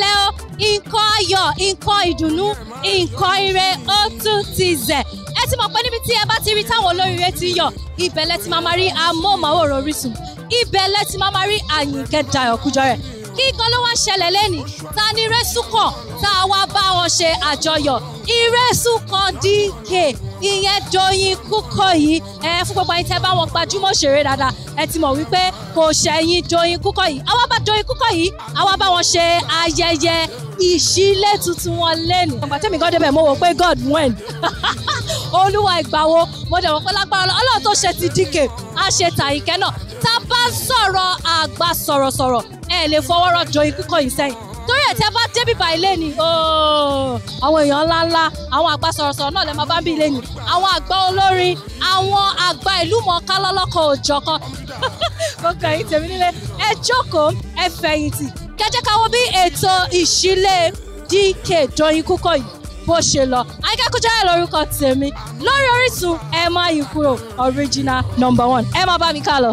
ìrọ̀lẹ́ o nǹkan ayọ̀ nǹkan ìdùnnú nǹkan ire ó tún ti zẹ̀ ẹ ti mọ̀ pé níbi tí ẹ bá ti rí táwọn olóríire ti yọ̀ ibẹ̀ lẹ ti máa ma rí amóhùnmáwòrán Orísun ibẹ̀ lẹ ti máa ma rí Àyìnkẹ́ Dayọ̀ Kújọrẹ̀ kí gan ló wá ṣẹlẹ̀ lẹ́nìí ta ni rẹ́súkọ̀ tá a wá bá ọ ṣe àjọyọ̀ ìrẹ́súkọ̀ DK ìyẹn Doyin Kukoyi ẹ fún gbogbo ayé tẹ bá wọn gbajúmọ̀ òṣèré dáadáa ẹ ti mọ̀ wípé kò ṣẹ̀yìn Doyin Kukoyi àwa bá Doyin Kukoyi àwa bá wọn ṣe ayẹyẹ ìṣílẹ̀ tuntun wọn lẹ́nu. ọgbà tẹ́mi gan débẹ̀ mo wò pé God win olúwa ìgbà wo mo dẹ̀ wọ́n pé lágbára ọlọ́run tó ṣe ti DK a ṣe tàyíkẹ́ náà tá a bá sọ̀rọ̀ àgbà sọ̀rọ̀sọ̀rọ̀ ẹ lè fọwọ́rọ̀ jọ ikú kọ́ yìí sẹ́yìn torí ẹ̀ tẹ́ bá débi báyìí lẹ́ni àwọn èèyàn ńláńlá àwọn àgbà sọ̀rọ̀sọ̀rọ̀ náà lè máa bá ń bí lẹ́ni àwọn àgbà olórin àwọn àgbà ìlú mọ̀ọ́ká lọ́lọ́kọ̀ òjọ̀kan gbogbo ẹ̀yin tèmi nílé ẹ jókòó ẹ fẹ̀yìntì kẹ́jẹ́ káwọ́ bí ètò ìṣílé DK Doyin Kukoyi bó ṣe lọ Àyìnkẹ́ Kújọrẹ́ lórúkọ tèmi lórí Orísun ẹ má yí kúrò original number one ẹ má bá mi ká lọ.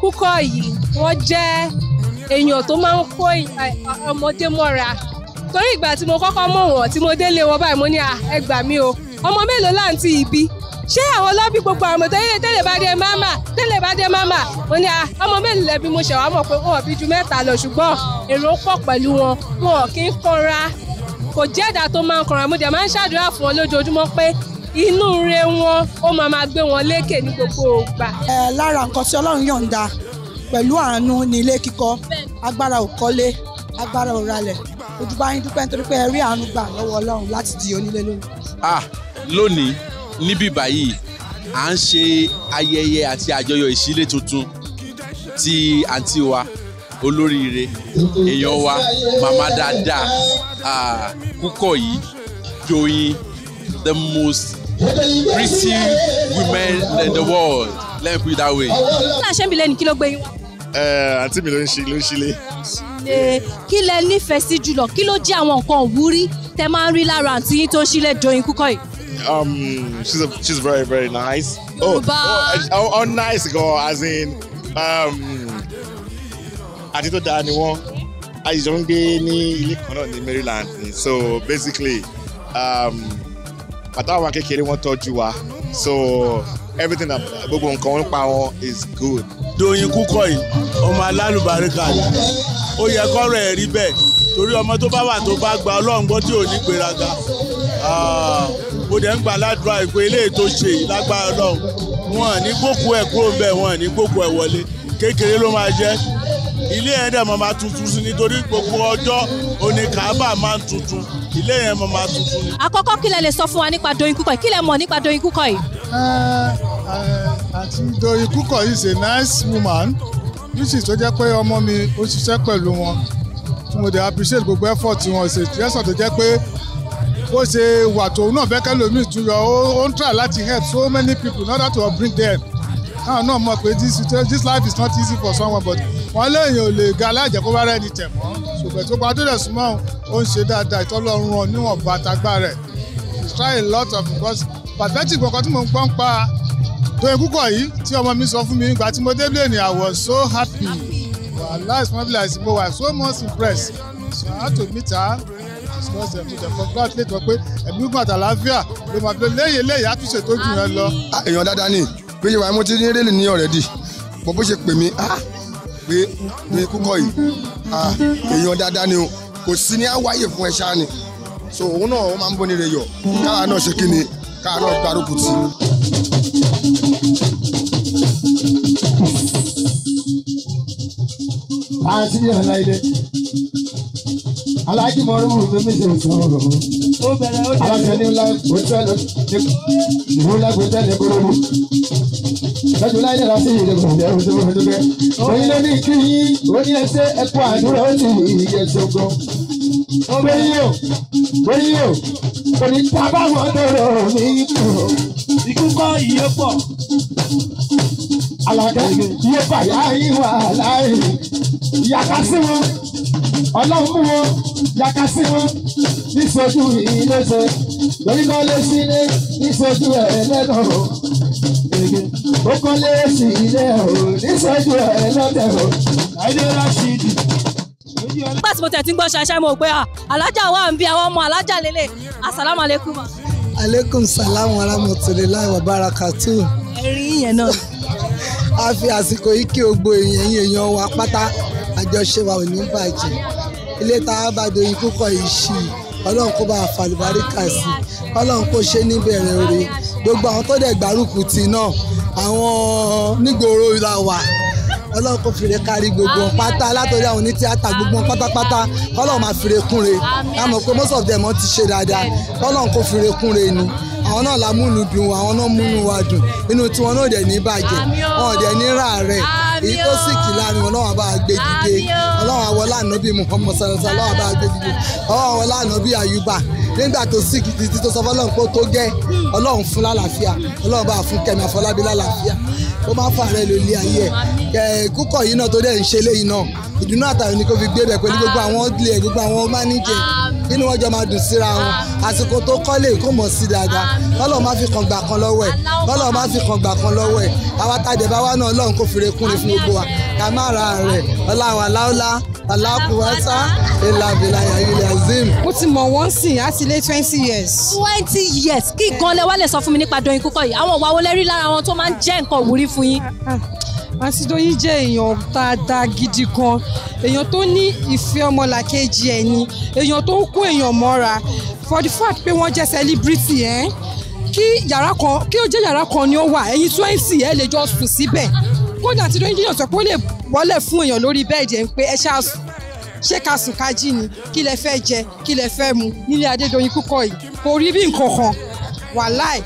kúkọ yìí wọ́n jẹ́ èèyàn tó máa ń kó ọmọdé mọ́ra torí ìgbà tí mo kọ́kọ́ mọ̀ wọ́n tí mo délé wọn báyìí mo ní ẹ gbà mí o ọmọ mélòó láǹtí ìbí ṣé àwọn lọ́bí gbogbo àwọn ọmọdé yẹn tẹ́lẹ̀ bá dé máma tẹ́lẹ̀ bá dé máma mo ní ọmọ mélòó lẹ́bí mo ṣẹ̀wá mọ̀ pé wọn bí ju mẹ́ta lọ ṣùgbọ́n èrò pọ̀ pẹ̀lú wọn wọn kì í kanra kò jẹ́ ẹ̀dá tó máa ń kanra mo dẹ̀ máa ń ṣàdúrà fún wọn lójoojúmọ́ pé inú re wọn ó máa máa gbé wọn lékè ní gbogbo ògbà. lára nǹkan tí ọlọ́run yọ̀ǹda pẹ̀lú àánú ní ilé kíkọ́ agbára ò agbára ò ralẹ̀ yín dúpẹ́ nítorí pé ẹ rí àánú gbà lọ́wọ́ ọlọ́run láti di onílé lónìí. ah lónìí níbí báyìí à ń ṣe ayẹyẹ àti àjọyọ̀ ìṣílé tuntun ti àǹtí wa olóríire èèyàn wa màmá dáadáa kúkọ yìí joyin the most pretty women in the world let me put it that way. kí làṣẹ mi lẹ́nu kí ló gbé yín wá. àǹtí mi ló ń ṣe ló ń ṣe lé. kí lẹ nífẹ̀ẹ́ sí jùlọ kí ló jẹ́ àwọn nǹkan òwúrí tẹ máa ń rí lára àǹtí yín tó ń ṣílẹ̀ jọyìn kúkọ́ yìí. Um, she's a, she's very very nice. Oh, Yoruba. Oh, oh, oh, nice girl, as in, um, àti tó dáa ni wọ́n àìjọ ń gbé ní ilé kan náà ní Maryland so basically. Um, àtàwọn akékeré wọ́n tọ́jú wa so everything gbogbo nǹkan nípa wọn is good. Doyin Kúkọ̀yí ọmọ alálùbáríkà ni ó yẹ kọ́rọ̀ ẹ̀ rí bẹ́ẹ̀ torí ọmọ tó bá wà tó bá gba Ọlọ́run gbọ́ tí ò ní gbéraga ah, mo dẹ̀ ń gbà ládùúrà ìpè eléyìí tó ṣe yìí lágbára Ọlọ́run wọn ní gbókù ẹ̀ kúrò ń bẹ̀ wọn ní gbókù ẹ̀ wọlé kékeré ló máa jẹ́ ilé yẹn dẹ̀ mọ̀ máa tuntun sí nítorí gbogbo ọjọ́ òní kàábà máa ń tuntun ilé yẹn mọ̀ máa tuntun àkọ́kọ́ kí lẹ lè sọ fún wa nípa Doyin Kúkọ̀ yìí kí lẹ mọ̀ nípa Doyin Kúkọ̀ yìí. Ah, ah, àti Doyin Kúkọ̀ is a nice woman which is tó jẹ́ pé ọmọ mi ó ṣiṣẹ́ pẹ̀lú wọn tí mo dey appreciate gbogbo effort wọn ṣe jẹ́sọ̀ tó jẹ́ pé bó ṣe wà tó náà fẹ́ kẹ́lòmíì tún yọ ó ń try láti help so many people in order to bring them náà náà mọ̀ pé this this life is not easy for someone but wọ́n léèyàn ò lè ga aláìjẹ́ kó bá rẹ́ni tẹ̀ mọ́ ṣùgbọ́n tó padà dẹ̀ súnmọ́ ó ń ṣe dáadáa ìtọ́lọ́run ọ níwọ̀n bàtà gbà rẹ̀ he try a lot of because pàtẹ́tì kọ̀ọ̀kan tí mò ń gbọ́n pa tóyìn púpọ̀ yìí tí ọmọ mi sọ fún mi nígbà tí mo débìlẹ̀ ni I was so happy wàhálà ìsúnmọ́bìlà ìsìnkú was so much impressed so I had to meet her discuss them to them congratulate wọn pé ẹ̀mí gùn àtàlàáfíà ló máa fi léyè léyè á tún ṣètò jù yẹn lọ. Ah, èèyàn dáadáa ni pé yorùbá mo ti ní rélì ní ọ̀rẹ́dì bọ́ bó ṣe pè mí ah, pé pé kúkọ yìí ah, èèyàn dáadáa ni o kò sí ní àwáyè fún ẹ ṣáá ni so òun náà ó máa ń bóni re yọ kára náà ṣe kí ni kára náà gbárùkù tì í. àti aláìdẹ aláìdẹ mọ́rùn-ún mi ṣe sọ̀rọ̀ aláṣẹ ní ńlá hòtẹ́ẹ̀lì ìlú ńlá hòtẹ́ẹ̀lì kúròdú lọ́jọ́ láyé nílá sí ìdìbò ìdí ẹ̀rù tó fẹ́ tó fẹ́. òun ló ní kí yín òun ní ẹsẹ̀ ẹ̀kọ́ àdúrà ó ti yẹ ṣogo. òwe yìí o òwe yìí o kò ní tábà wọn lọ́rọ̀ mi kù. ikú kọ́ iye pọ̀. alága iye bàyá yìí wà láàyè ìyàtà sí wọn ọlọ́run mú wọn yàtọ̀ sí wọn níṣojú ìlẹ́sẹ̀ lórí kan lé sí ilé níṣojú ẹ̀ẹ́dẹ́gbọ̀n ó kọ́ lé sí ilé ọ̀hún níṣojú ẹ̀ẹ́dẹ́gbọ̀n àìdẹ́rẹ́ ṣì dì nígbà tí mo tẹ̀ tí ń gbọ́ ṣaṣẹ́ mo pé ah, alájà wà ń bí àwọn ọmọ alájà lélẹ̀ asàlámù aleykum. salaam wa rahmatulahi wa barakatu. ẹ̀rín yẹn náà. a fi àsìkò yìí kí o gbọ́ èèyàn èèyàn wa pátá àjọṣe wa ò ní bàjẹ́ ilé tá a bá doyin púpọ̀ yìí ṣì ọlọ́run kó bá a fàlùbáríkà sí ọlọ́run kó ṣe níbẹ̀rẹ̀ rẹ̀ gbogbo àwọn tó dẹ̀ gbárùkù tì náà àwọn nígboro la wà ọlọ́run kò fìrè kárí gbogbo pátá látọ̀rí àwọn ní tíátà gbogbo pátápátá ọlọ́run máa fìrè kúnre àmọ́ pé most of them ti ṣe dáadáa ọlọ́run kò fìrè kúnre ni àwọn náà la múnú dùn àwọn náà múnú wa dùn inú tiwọn náà dẹ̀ ní bàjẹ́ wọn ò dẹ̀ ní ràárẹ̀ èyí tó sì kì láàrin wọn ọlọ́wọ́n bá gbé dìde ọlọ́wọ́n àwọn lánàbí Muhammad sallallahu alaihi ọlọ́wọ́n bá gbé dìde ọlọ́wọ́n àwọn lánàbí Ayuba nígbà tó sì kì títí tó sọ fọlọ́run pé ó tó gẹ́ ọlọ́run fún lálàáfíà ọlọ́run bá fún Kẹ́mi Àfọlábí lálàáfíà ó máa fà rẹ lólé ayé ẹ kúkọ̀ yìí náà tó dẹ̀ ń ṣe léyìí náà ìdùnnú àtàrí ni kò fi gbé bẹ̀ pẹ̀lú gbogbo àwọn ilé gbogbo àwọn máníjẹ nínú wọn jọ máa dùn síra wọn àsìkò tó kọ́lé kó mọ̀ sí dáadáa lọ́lọ́ máa fi kàn gbà kan lọ́wọ́ ẹ̀ lọ́lọ́ máa fi kàn gbà kan lọ́wọ́ ẹ̀ àwa tá a dẹ̀ bá wá náà Ọlọ́run kò fi re kúnre fún gbogbo wa kamara rẹ̀ ọláwà láúlá aláfùwásá ìlàbìlàyà ilẹ̀ azim. mo ti mọ̀ wọ́n sìn láti lé twenty years. twenty years kí nǹkan lẹ wá lè sọ fún mi nípa Doyin Kúkọ̀ yìí àwọn ìwà wo lẹ rí lára wọn tó máa ń jẹ́ nǹkan òwúrí fún yín àǹtí Doyin jẹ́ èèyàn dáadáa gidi kan èèyàn tó ní ìfẹ́ ọmọlàkejì ẹ̀ ni èèyàn tó ń kó èèyàn mọ́ra for the fact pé wọ́n jẹ́ celebrity ẹ̀ kí yàrá kan kí ó jẹ́ yàrá kan ni ó wà ẹ̀yin twenty ẹ̀ lè jọ sùn síbẹ̀ kódà tí lóyún jíjàn sọ pé ó lè wọlé fún èèyàn lórí bẹ́ẹ̀dì ẹ̀ ń pé ẹ ṣáà sùn ṣé ká sùn ká jí ni kí lẹ fẹ́ jẹ kí lẹ fẹ́ mu nílé Adédoyin Kúkọ̀ yìí kò rí bí nǹkan kan wàláì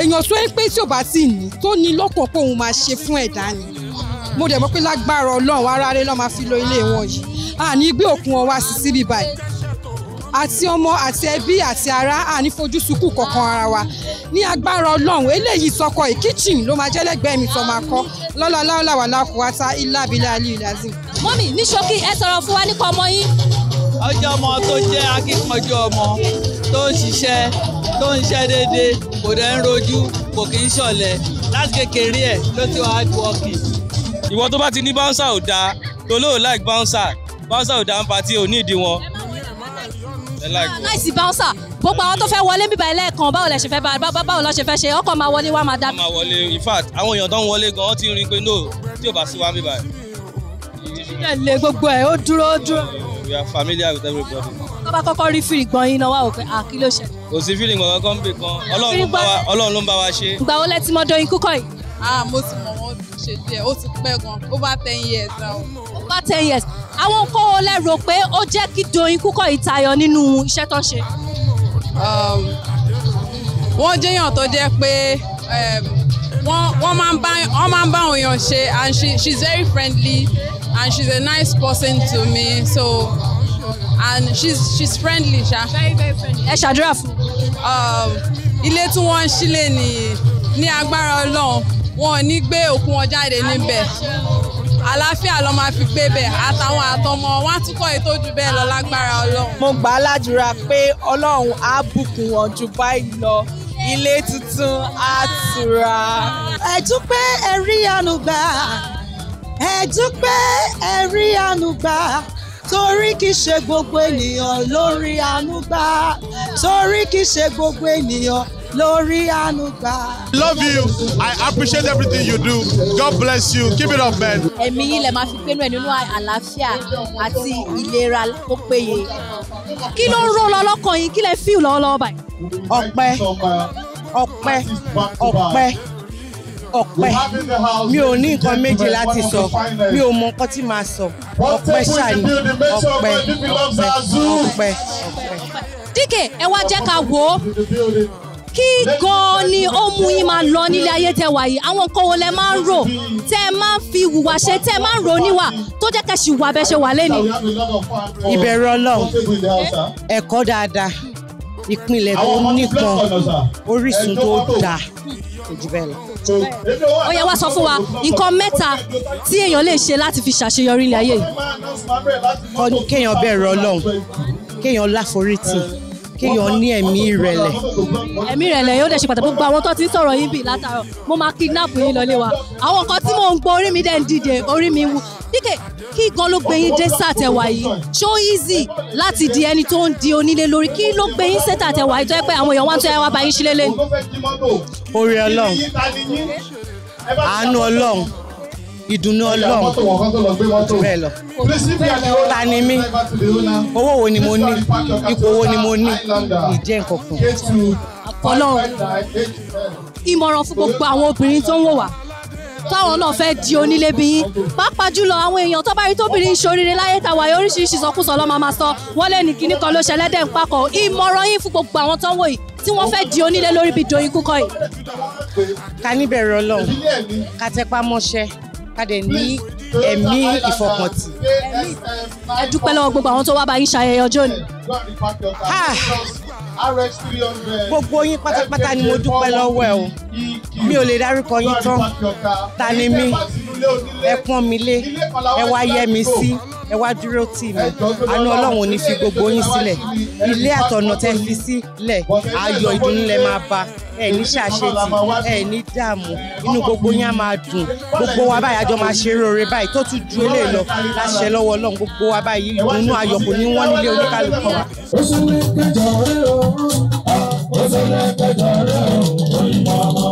èèyàn tó ń pé tí ò bá ti ní tó ní lọ́kàn pé òun máa ṣe fún ẹ̀dá ni mo dẹ̀ mọ̀ pé lágbára Ọlọ́run ara rẹ̀ lọ́ọ́ máa fi lo ilé wọn yìí àní gbé òkun ọwá sí síbí báyìí àti ọmọ àti ẹbí àti ará àní fojú sunkún kankan ara wa ní agbára ọlọ́run eléyìí sọkọ ìkíchìn ló máa jẹ́ lẹ́gbẹ̀ẹ́ mi tó máa kọ́ lọ́lọ́lá ọ̀làwà lákùúwátá ilábílẹ̀ aliyu lazim. mọ́mì ní ṣókí ẹ sọ̀rọ̀ fún wa nípa ọmọ yín. ọjọ́ ọmọ tó jẹ́ akíkanjú ọmọ tó ń ṣiṣẹ́ tó ń ṣe déédéé kò dẹ̀ ń rojú kò kì í ṣọ̀lẹ láti kékeré ẹ̀ ló ti wà hard working. ìwọ tó bá ti ní bouncer ò dáa tó lóò like bouncer bouncer ò dáa ń pa tí ò ní ìdí láìsí báńsà gbogbo àwọn tó fẹ́ wọlé bíbá ẹlẹ́ẹ̀kan báwo lẹ ṣe fẹ́ bá báwo lọ ṣe fẹ́ ṣe ọkọ̀ máa wọlé wá máa dá. máa wọlé in fact àwọn èèyàn tó ń wọlé gan-an ti rí pé no tí ò bá sí wá bíbá ẹ̀. ìṣúná lè gbogbo ẹ̀ ó dúró ó dúró. we are familiar with everybody. tó bá kọ́kọ́ rí fìrì gbọ́n yín náà wá òkè àkí ah, ló ṣẹlẹ̀. kò sí fìrì gbọ̀ngàn kan bì kan ọlọ́run ló ń bá wa ṣe. ìgbà wo lẹ ti mọ wọ́n ṣe díẹ̀ ó ti pẹ́ gan over ten years now. over ten years àwọn nǹkan wo lẹ rò pé ó jẹ́ kí Doyin Kúkọ̀ ìtayọ nínú iṣẹ́ tó ń ṣe. Um, wọ́n jẹ́yàn tó jẹ́ pé um, wọ́n máa ń bá wọ́n máa ń bá àwọn èèyàn ṣe and she she's very friendly and she's a nice person to me so and she's she's friendly ṣá. very very friendly. ẹ ṣàdúrà fún. Um, ilé tí wọ́n ń sílẹ̀ ní agbára Ọlọ́run wọn ò ní gbé òkú wọn jáde níbẹ̀ àlàáfíà ló máa fi gbé bẹ̀ àtàwọn àtọmọ wọn á tún kọ́ lọ lágbára ọlọ́run. mo gbà á ládùúrà pé ọlọ́run á bùkún wọn jù báyìí lọ ilé tuntun á tura. ẹ dúpẹ́ ẹ rí àánú gbà ẹ dúpẹ́ ẹ rí àánú gbà torí kìí ṣe gbogbo ènìyàn ló àánú gbà torí kìí ṣe gbogbo ènìyàn lórí àánú gbà. love you i appreciate everything you do god bless you keep it up man. ẹ̀mí yìí lè máa fi pẹ́nu ẹ̀ nínú àlàáfíà àti ìlera tó péye. kí ló ń ró lọ lọ́kàn yín kí lè fi lọ́wọ́lọ́wọ́ báyìí. ọpẹ́ ọpẹ́ ọpẹ́ ọpẹ́ mi ò ní nǹkan méjì láti sọ mi ò mọ nǹkan tí màá sọ ọpẹ́ ṣàní ọpẹ́ ọpẹ́ ọpẹ́. díkè ẹ wá jẹ́ ká wò ó kí gan-an ni ó mú yín máa lọ nílé ayé tẹ wà àwọn nǹkan wo lẹ máa ń rò tẹ máa ń fi hùwà ṣe tẹ máa ń rò níwà tó jẹ́ kẹ́ wà bẹ́ ṣe wà lẹ́nu. ìbẹ̀rù ọlọ́run ẹ̀kọ́ dáadáa ìpìlẹ̀ tó nípọn orísun tó dáa kò jù bẹ́ẹ̀ lọ. ó yẹ wá sọ fún wa nǹkan mẹ́ta tí èèyàn lè ṣe láti fi ṣàṣeyọrí ilé ayé yìí. kéèyàn bẹ̀rù ọlọ́run kéèyàn láforítì kéèyàn ní ẹ̀mí ìrẹ̀lẹ̀. ẹ̀mí ìrẹ̀lẹ̀ yóò dẹ̀ ṣe pàtàkì gbogbo àwọn tó ti ń sọ̀rọ̀ yín bì látàárọ̀ mo máa kidnap yín lọ lé wa àwọn nǹkan tí mò ń gbọ́ orí mi dẹ̀ ń dìde orí mi wú díkè kí gan ló gbé yín dé sàtẹ̀wá yìí so easy láti di ẹni tó ń di onílé lórí kí ló gbé yín sẹ́tàtẹ̀wá yìí tó yẹ pé àwọn èèyàn wá ń tó yẹ wá bá yín sílé lẹ́nu. orí Ọlọ́run àánú Ọlọ́run ìdùnnú ọlọ́run bẹ́ẹ̀ lọ. ta ni mí owó wo ni mo ní ipò wo ni mo ní ìjẹ́ nǹkan kan. ọlọ́run ìmọ̀ràn fún gbogbo àwọn obìnrin tó ń wò wá táwọn náà fẹ́ di onílé yín pàápàá jùlọ àwọn èèyàn tó bá rí tóbìnrin ṣoríire láyé tàwa yìí oríṣiríṣi ìsọkúsọ ló máa sọ wọ́n lé ní kíní kan ló ṣẹlẹ̀ dẹ̀ ń pakọ̀ ìmọ̀ràn yín fún gbogbo àwọn tó ń wò yìí tí wọ́n fẹ́ di onílé lórí bí Doyin Kúkọ̀ yìí. ká níbẹ̀rẹ̀ Ọlọ́run ká tẹpá mọ́ṣẹ́ ká dẹ̀ ní ẹ dúpẹ́ lọ́wọ́ gbogbo àwọn tó wá bá ṣayẹyẹ ọjọ́ ni. gbogbo yín pátápátá ni mo dúpẹ́ lọ́wọ́ ẹ o mi ò lè dárúkọ yín tán ta ni mí ẹ pọ́n mi lé ẹ wá yẹ mi sí ẹ wá dúró tì mí àánú ọlọ́run ní fi gbogbo yín sílẹ̀ ilé àtọ̀nà tẹ́ fi sílẹ̀ ayọ̀ ìdùnnú máa bá ẹ ní ṣàṣetì ẹ ní dààmú inú gbogbo yín á máa dùn gbogbo wa báyìí àjọ máa ṣe rere báyìí tó tún ju eléyìí lọ láṣẹ lọ́wọ́ Ọlọ́run gbogbo wa báyìí ìdùnnú ayọ̀ kò ní wọ́n nílé oníkálùkù wa. oṣù kẹjọ rẹ o oṣù kẹjọ rẹ o oyin mọ ọmọ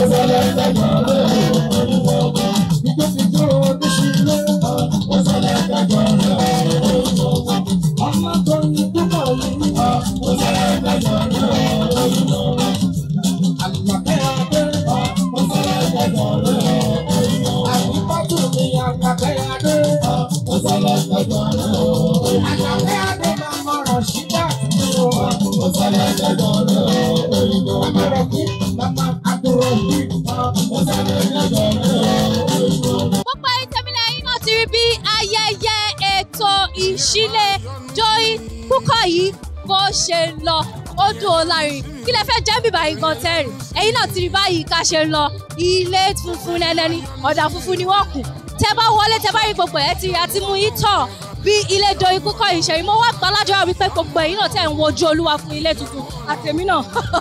oṣù kẹjọ rẹ o. gbogbo ìtẹ̀mílẹ̀ yín náà ti rí bí ayẹyẹ ètò ìṣílẹ̀ Joy Kúkọ̀ yìí bó ṣe lọ ó dùn ó lárin kí lẹ fẹ́ jẹ́ bíbá yìí gan tẹ́rì ẹ̀yin náà ti rí báyìí ká ṣe lọ ilé funfun lẹ́lẹ́ni ọ̀dà funfun ni wọ́n kù tẹ́ bá wọlé tẹ́ bá rí gbogbo ẹ̀ ti rí àti mú yín tọ̀ bí ilé doyin kúkọ ìṣẹ̀yìn mo wá gbọ́ ládùúrà wípé gbogbo ẹ̀yin náà tẹ̀ ń wojú olúwa fún ilé tuntun àtẹ̀mí náà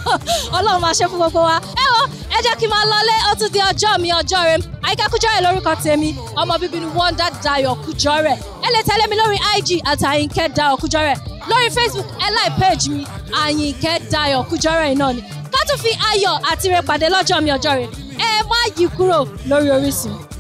ọlọ́run máa ṣe fún gbogbo wa. ẹ wo ẹ jẹ́ kí n máa lọlé ó tún di ọjọ́ mi ọjọ́ rẹ Àyìnkẹ́ Kújọrẹ lórúkọ tèmi ọmọ bíbí ni Wonder Dayo Kújọrẹ ẹ lè tẹ̀lé mi lórí IG àti Àyìnkẹ́ Dayo Kújọrẹ lórí Facebook ẹ like page mi Àyìnkẹ́ Dayo Kújọrẹ iná ni ká tún fi ayọ̀ àti ire pàdé lọ́jọ́ mi ọjọ́ rẹ ẹ má yí kúrò lórí Orísun.